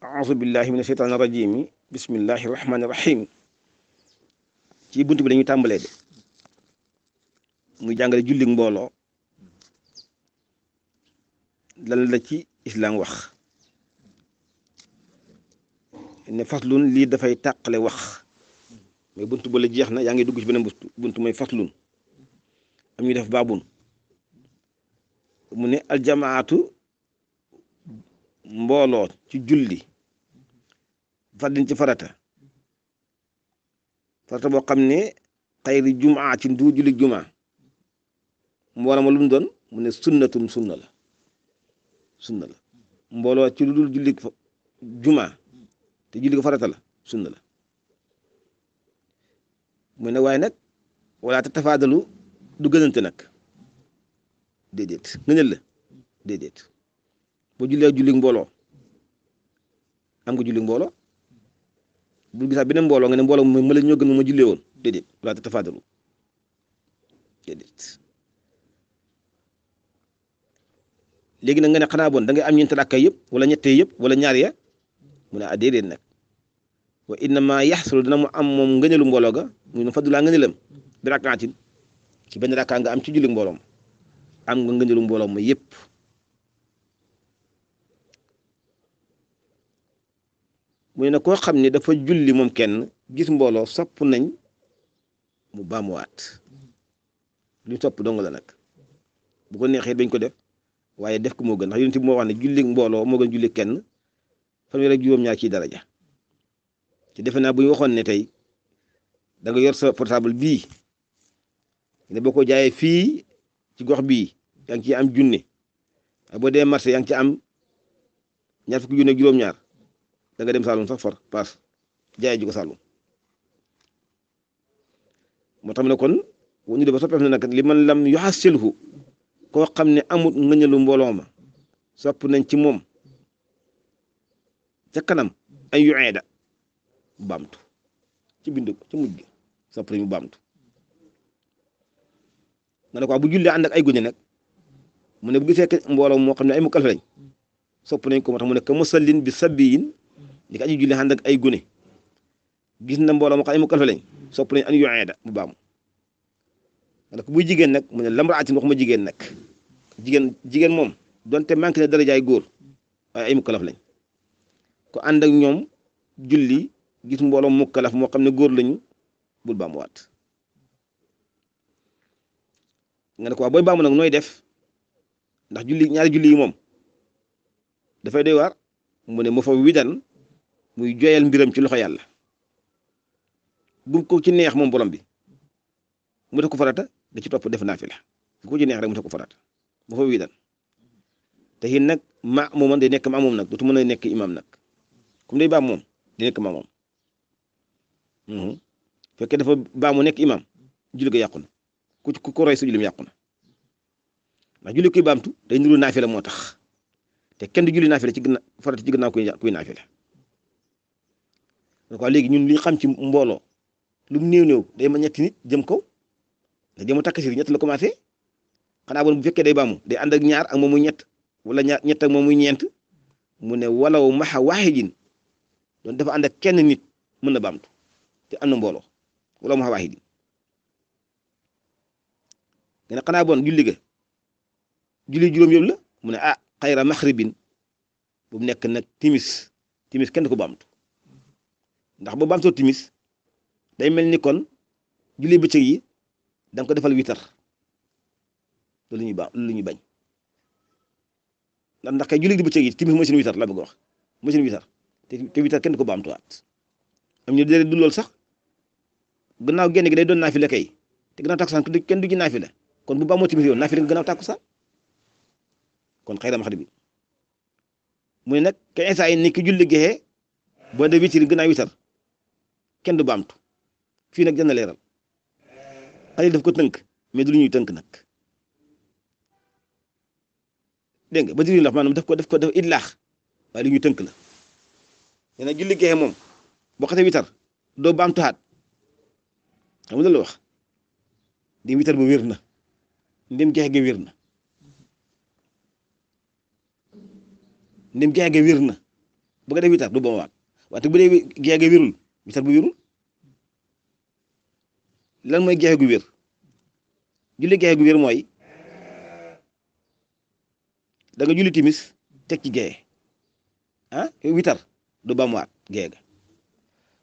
aouzu billahi mina sheytaani rajim bismillahi rahmaani rahim ci bunt bi dañuy tàmbalee de muy jàngale julli mbooloo lan la ci islaam wax ne faslun lii dafay tàqale wax mais bunt ba jeex na yaa ngi dugg ci beneen bunt mooy faslun am ñu def baabun mu ne aljamaatu mbooloo ci julli fardin ci farata farata boo xam ne xayri jumaa ci ndu julli jumaa mu ma lum doon mu ne sunnatum sunna la sunna la mbooloo ci lu dul julli jumaa te julli ko farata la sunna la mu ne waaye nag wala te tafaadalu du gënante nag déedéet ngëneel la déedéet bo julé julli mbolo am nga julli mbolo bu gisa benen mbolo nga ne mbolo ma la ñoo gën ma julé won déedéet wala te tafaadalu dede léegi nga ne xana bon da nga am ñent rakay yeb wala ñette yeb wala ñaar ya mu na ah nak wa inna ma yahsul dana mu am mom ngëneelu mbolo ga mu ne fadulaa ngëneelam bi rakatin ci benn rakkaa nga am ci julli mbolom am nga ngëneelu mbolom ma muy ne koo xam ne dafa julli moom kenn gis mbooloo sopp nañ mu baamuwaat lu sopp dong la nag bu ko neexee dañ ko def waaye def ko moo gën ndax yonent bi moo wax ne julli mbooloo moo julli kenn fanweer ak juróom-ñaar ciy ci defe naa bu ñu waxoon ne tey da nga yor sa portable bii ne boo ko jaayee fii ci gox bii yaa ciy am junne boo dee marché yaa ngi ci am ñaar fukki junne juróom-ñaar. da nga dem Saalum sax far paas jaay ji ko Saalum moo tax mu ne kon bu ñu def ba soppeeku ne nag li man lam yuhasilhu ko xam ne amut ngëñalu mbooloo ma sopp nañ ci moom ca kanam ay da baamtu ci bind ci mujj gi sopp nañ mu baamtu nga ne ko bu jullee ànd ay gune nag mu ne bu gisee mbooloo moo xam ne ay mukkal lañ sopp nañ ko moo tax mu ne ka musallin bi sabiyin li ko aju julli ànd ay gune gis na mbooloo mu xam ne mu kalfa lañ sopp nañ an yu'aada mu baamu ndax buy jigéen nag mu ne lamraatin ma jigéen nag jigéen jigéen moom donte manqué dara darajaay góor waaye ay mukkalaf lañ ko ànd ak ñoom julli gis mbooloo mukkalaf moo xam ne góor lañu bul baamuwaat nga ne ko waa booy baamu nag nooy def ndax julli ñaar julli moom dafay doy waar mu ne mu fa widan muy joyal mbiram ci loxo yàlla bu ko ci neex moom borom bi mu def ko farata da ci topp def naafila bu ko ci neex rek mu def ko farata bu fa wiidan te it nag ma moom day nekk ma moom nag dootu mën a nekk imam nag comme day baam moom day nekk ma moom bu fekkee dafa baamu nekk imam julli ko yàqu na ku ku ko roy sa julli yàqu na ndax julli kuy baamtu day niru naafila moo tax te kenn du julli naafila ci gën farata ci gën kuy naafila ne ko ah, léegi ñun li xam ci mbooloo lu mu néew néew day ma ñetti nit jëm kaw da jëm a takk si ñett la commencé xanaa bon bu fekkee day baamu day ànd ak ñaar ak moom ñett wala ñaar ñett ak moom ñeent mu ne walaw maxa waaxidin doon dafa ànd ak kenn nit mën na baamtu te am na mbooloo walaw maxa waaxidin nga ne xanaa bon julli ga julli juróom yëpp la mu ne ah xayra maxribin bu mu nekk nag timis timis kenn ko baamtu ndax boo baamtoo timis day mel ni kon julli bëccëg yi da ko defal witar loolu ñuy baax loolu ñuy bañ ndax ndax kay julli bëccëg yi timis mooy seen witar laa bëgg wax mooy seen witar te te witar kenn du ko baamtuwaat am ñu dee du lool sax gannaaw génn gi day doon naafile kay te gannaaw takkusaan kenn du ci naafile kon bu baamoo timis yow naafile nga gannaaw takkusaan kon xëy na bi mu ne nag ka instant yii nii ki julli gexe boo dee witir gannaaw witar. kenn du baamtu fii nag dana leeral Aliou ko tënk mais du lu ñuy tënk nag dégg nga ba diri ndax maanaam ko daf ko def idlaax waaye lu ñuy tënk la nee na julli gexe moom boo xasee witar doo baamtuwaat xam nga la wax di witar ba wér na ndim gexe gi wér na ndim gexe na bu ko def witar du boomawaat wante bu dee gexe gi wérul misal bu wérul lan mooy gexe gu wér julli gexe gu wér mooy da nga julli timis teg ci gexe ah witar du baamuwaat gexe ga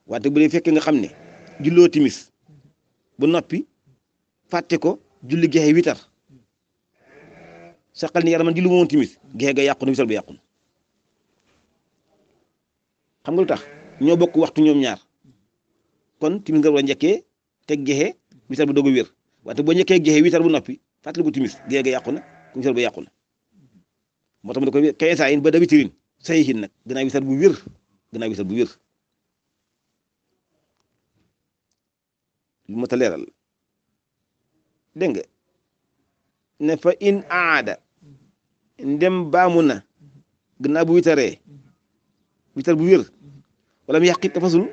wante bu dee fekkee nga timis bu noppi fàtte ko julli gexe witar saqal ni yaraman julli woon timis gexe ga ya na witar bu yàqu na xam nga lu tax bokk waxtu ñaar kon timis nga war a njëkkee teg gexe witar bu doog a wér wante boo njëkkee gexe witar bu noppi fàttaliku timis gexe ga yàqu na ku witar ba yàqu na moo tax mu ne nag gannaaw bu wér gannaaw bu wér ta leeral dégg nga ne fa in aada ndem baamu na gannaaw bu witaree witar bu wér wala mu yàqit dafasul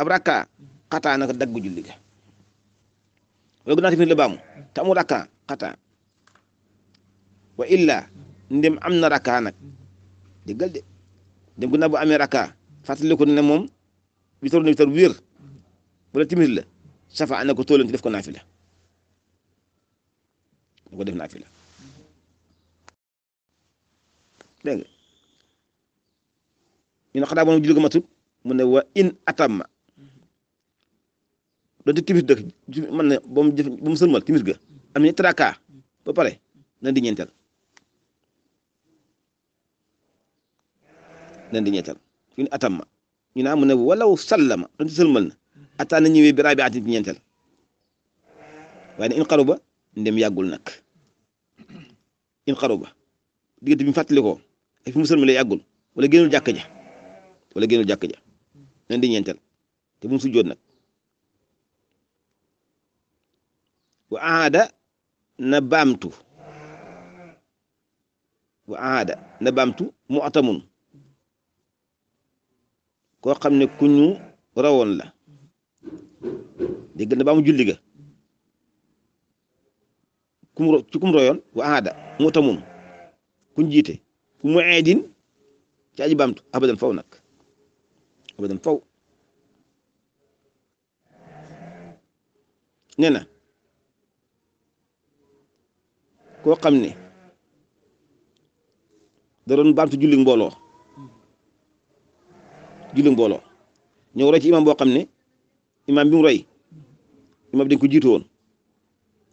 ab rakka xataa naka dagg julli ga wala gannaaw tamit la baamu te amul rakka xataa wa illa ndem am na rakka nag déggal de ndem gannaaw bu amee rakka fàttaliku ne moom witar na witar wér wala timis la safa ana ko tóolante def ko naafila da ko def naafila dégg nga ñu ne xataa boon julli ga matut mu ne wa in atamma doonte timis dëkk mën na ba mu jëf ba mu timis ga am na ñetti rakka ba pare nan di ñeenteel nan di ñeenteel ñu ne atam ma ñu ne amu ah, ne walaw sallama doonte sëlmal na attaan na ñëwee bi raabi atin ci ñeenteel waaye in xaru ba ndem yàggul nag in xaru ba diggante bi mu fàttalikoo ak fi mu sëlmalee yàggul wala génnul jàkk ja wala génnul jàkk ja nan di te mu sujjoot nag wa aada na baamtu wa aada na baamtu mu atamun koo xam ne ku ñu rawoon la dégg na baamu julli kum royoon wa aada mu atamun kuñ jiite ku mu eedin ci baamtu abadan faw nag abadan faw nee koo xam ne da doon baamtu julli mbooloo julli mbooloo ñëw roy ci imam boo xam ne imam bi mu roy imam bi dañ ko jiitu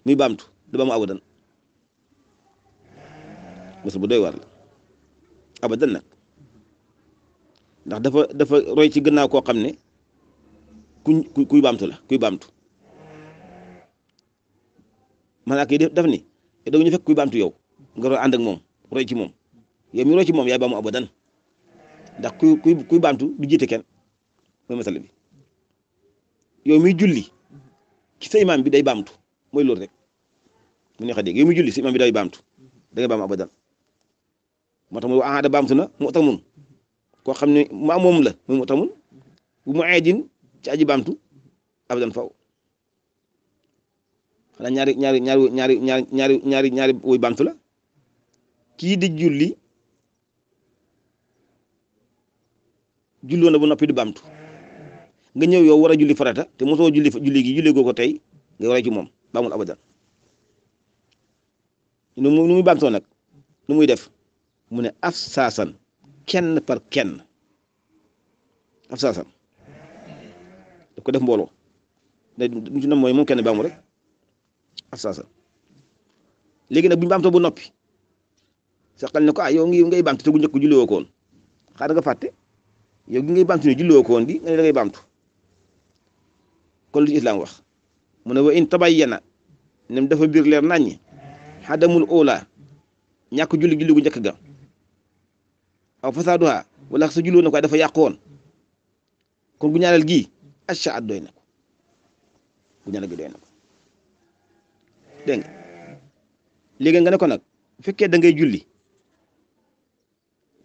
muy baamtu da ba mu abadan mos bu doy war la abadan nag ndax dafa dafa roy ci gannaaw koo xam ne kuñ kuy baamtu la kuy baamtu malaaka yi daf ni te doo ñu kuy baamtu yow nga doon moom ci moom yow ci moom yaay baamu abadan ndax kuy kuy kuy baamtu yow miy julli ci sa imaam bi day baamtu mooy loolu rek mu neex a dégg mu miy julli sa imaam bi day baamtu da ngay baamu abadan moo tax mu ahada baamtu na mu tamun koo xam ne ma moom la mu tamun mu aydin ci aji baamtu abadan faw xanaa ñaari ñaari ñaari ñaari ñaari ñaari ñaari ñaari woy bant la kii di julli julloon na ba noppi di bamtu nga ñëw yow war a julli farata te mosoo julli julli gi julli goo ko tey nga war a ci moom baamul abadan nu mu nu muy bamtoo nag nu muy def mu ne af saasan kenn par kenn af saasan daf ko def mbooloo da du ci nam mooy moom kenn baamu rek afsasa léegi nag bu ñu baamtoo bu noppi saqal ne ko ah yow ngi ngay baamtu te bu njëkk julli woo xaar nga fàtte yow gi ngay baamtu ne julli woo ko woon gi nga ne kon lu ci mu ne wa in tabayyana nem dafa biir leer naññi xadamul oola ñàkk julli julli gu njëkk ga aw fasaaduha wala sa julli woon na ko dafa yàq woon kon gu ñaareel gii acca at doy na ko gu ñaareel gi doy na dégg nga léegi nga ne ko nag bu fekkee dangay ngay julli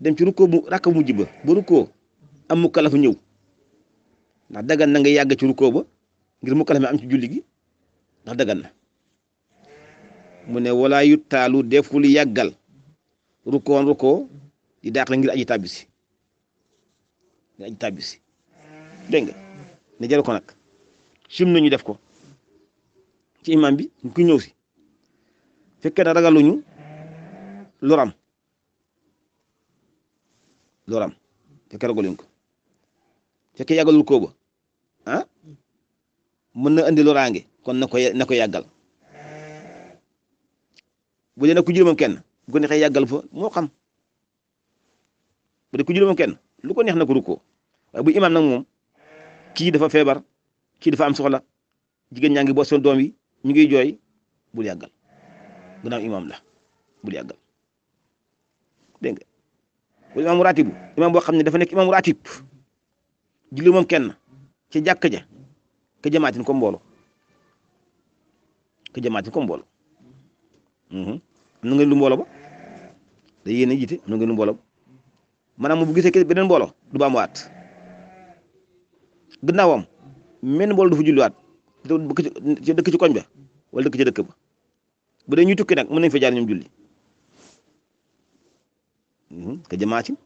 dem ci rukkoo bu rakk bu mujj ba ba rukkoo am mu kalafu ñëw ndax dagan na nga yàgg ci rukkoo ba ngir mu kalaf mi am ci julli gi ndax dagan na mu ne wala yu taalu deful yàggal rukkoon rukkoo di daax la ngir aji tàbbisi ngir aji tàbbisi dégg nga ne jaru ko nag sim nañu def ko ci imam bi ku ñëw si fekkee ne ragaluñu loram loram fekkee ragaluñ ko fekkee yàggalul ah mën na indi loraange kon na ko na ko bu dee nag ku jëloon kenn bu ko neexee yàggal fa moo xam bu dee ku jëloon kenn lu ko neex na ko rukkoo waaye bu imaam nag moom kii dafa feebar kii dafa am soxla jigéen ñaa ngi boot seen ñu ngi jooy bul yàggal gannaaw imaam la bu yàggal dégg nga wala imaamu ratibu imaam boo xam ne dafa nekk imaamu ratib julli moom kenn ci jàkk ja ka jamaatin ko mboolo ka jamaatin ko mboolo mhm. am na ngeen lu mboolo ba da yéen a jiite am na ngeen lu mboolo ba maanaam bu gisee beneen mboolo du baamuwaat gannaawam menn mboolo du julliwaat dëkk ci dëkk ci koñ ba wala dëkk ci ba bu dee ñuy tukki nag mën nañ fa jaar ñoom julli mhm, ka jamaatin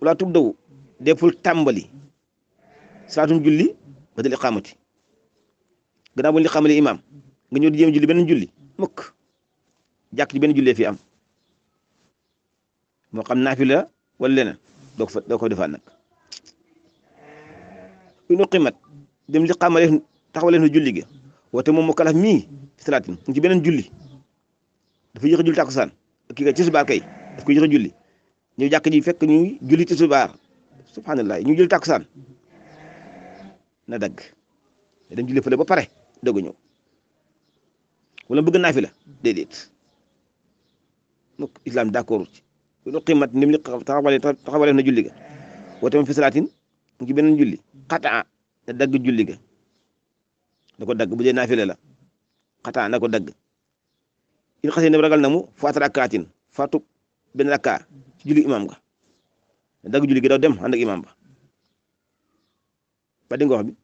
wala tub daw deful tàmbali salaatum julli ba dal iqaamati gannaaw bu ñu xamale imaam nga ñëw di jéem julli benn julli mukk jàkk benn jullee fi am moo xam naafila wala leneen doo ko fa doo ko defaan nag inu qimat dem li xaamalee taxawalee na julli gi woote moom mu kalaf mii salaatin mu ci beneen julli dafa yéex a julli takusaan kii ka tisbaar kay daf ko yéex a julli ñu jàkk ji fekk ñu julli tisbaar subhanallah ñu julli takusaan na dagg dem julli fële ba pare doog ñëw wala bëgg naa fi la déedéet mukk islam d'accord ci inu qimat nim li taxawalee taxawalee na julli ga woote moom fi salaatin mu ci beneen julli xataa te dagg julli ga na ko dagg bu dee naafile la xataa na ko dagg il xasee ne ragal na mu faat rakkaatin faatu benn rakkaa ci julli imaam ga dagg julli gi daw dem ànd ak imaam ba ba di nga wax bi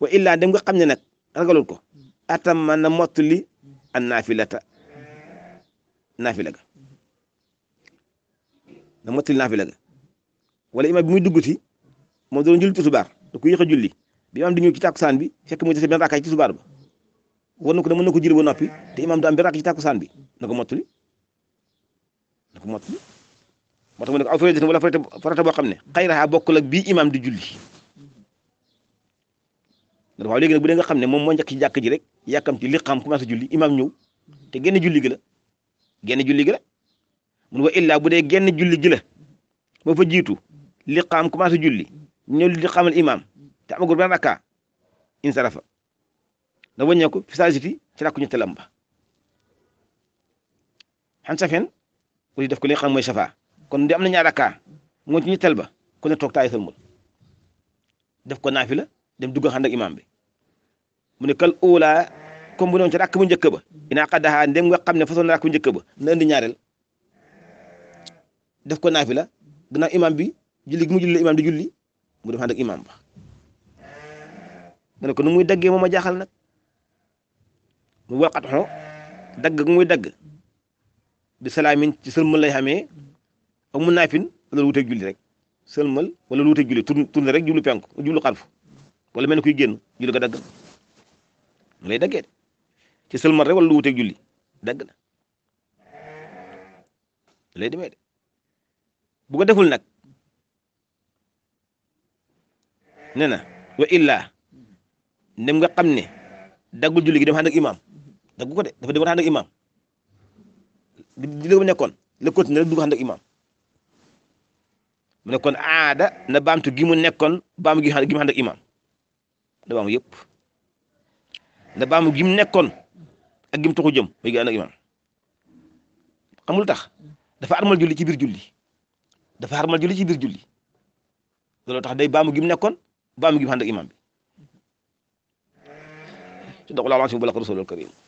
wa illaa dem nga xam ne nag ragalul ko atam man na mottali an naafilata naafila ga na mottali naafila ga wala imaam bi muy dugg si moom doon julli tusubaar da ko yéex a julli bi imaam di ñëw ci tàkkusaan bi fekk muy dese benn rakkaay ci tusubaar ba war na ko ne mën na ko julli ba noppi te imaam du am benn rakk ci tàkkusaan bi na ko mottali na ko mottali moo tax mu ne ko aw farata wala farata boo xam ne xayraha bokkul ak bii imaam di julli ndax waaw léegi nag bu dee nga xam ne moom moo njëkk ci jàkk ji rek yàkkam ci li xam commencé julli imaam ñëw te genn julli gi julli gi bu dee genn julli gi la ba liqaam commencé julli ñëw liqaamal imaam te amagul benn rakka insarafa na wàññeeku fi saajiti ci rakku ñetteelam ba xan safen wala def ko li nga xam kon di am na ñaar rakka mu ci ñetteel ba ku ne toog taay sëlmul def ko naafila dem dugg xànd ak imaam bi mu ne kal rakk bu njëkk ba inaa xaddaxaa ndem nga xam ne façon rakk njëkk ba na indi ñaareel def ko naafila gannaaw imaam bi julli gi mu julli la imaam di julli mu def ànd ak imaam ba nga ne ko nu muy daggee moom a jaaxal nag mu waqat xoo dagg gu muy dagg bi salaamin ci sëlmal lay xamee ak mu naafin wala lu wuteeg julli rek sëlmal wala lu wuteeg julli tourne rek jublu penku jublu xarfu wala mel ni kuy génn julli ko dagg mu lay daggee ci sëlmal rek wala lu wuteeg julli dagg na lay demee de bu ko deful nag. ne na wa illa ndem nga xam ne daggul julli gi dem ànd ak imaam ko de dafa dem ànd ak imaam di la nekkoon la continué rek dugg ànd ak imaam mu nekkoon aada na baamtu gi mu nekkoon baamu gi gi mu ànd ak imaam na baamu yëpp na baamu gi mu nekkoon ak gi mu taxu jëm mooy gi tax dafa armal julli ci biir julli dafa armal julli ci biir julli loolu tax day baamu gimu mu nekkoon ba mu ngi ànd ak imam bi sadaqallaahu al-aziim wa balaga rasuuluhu al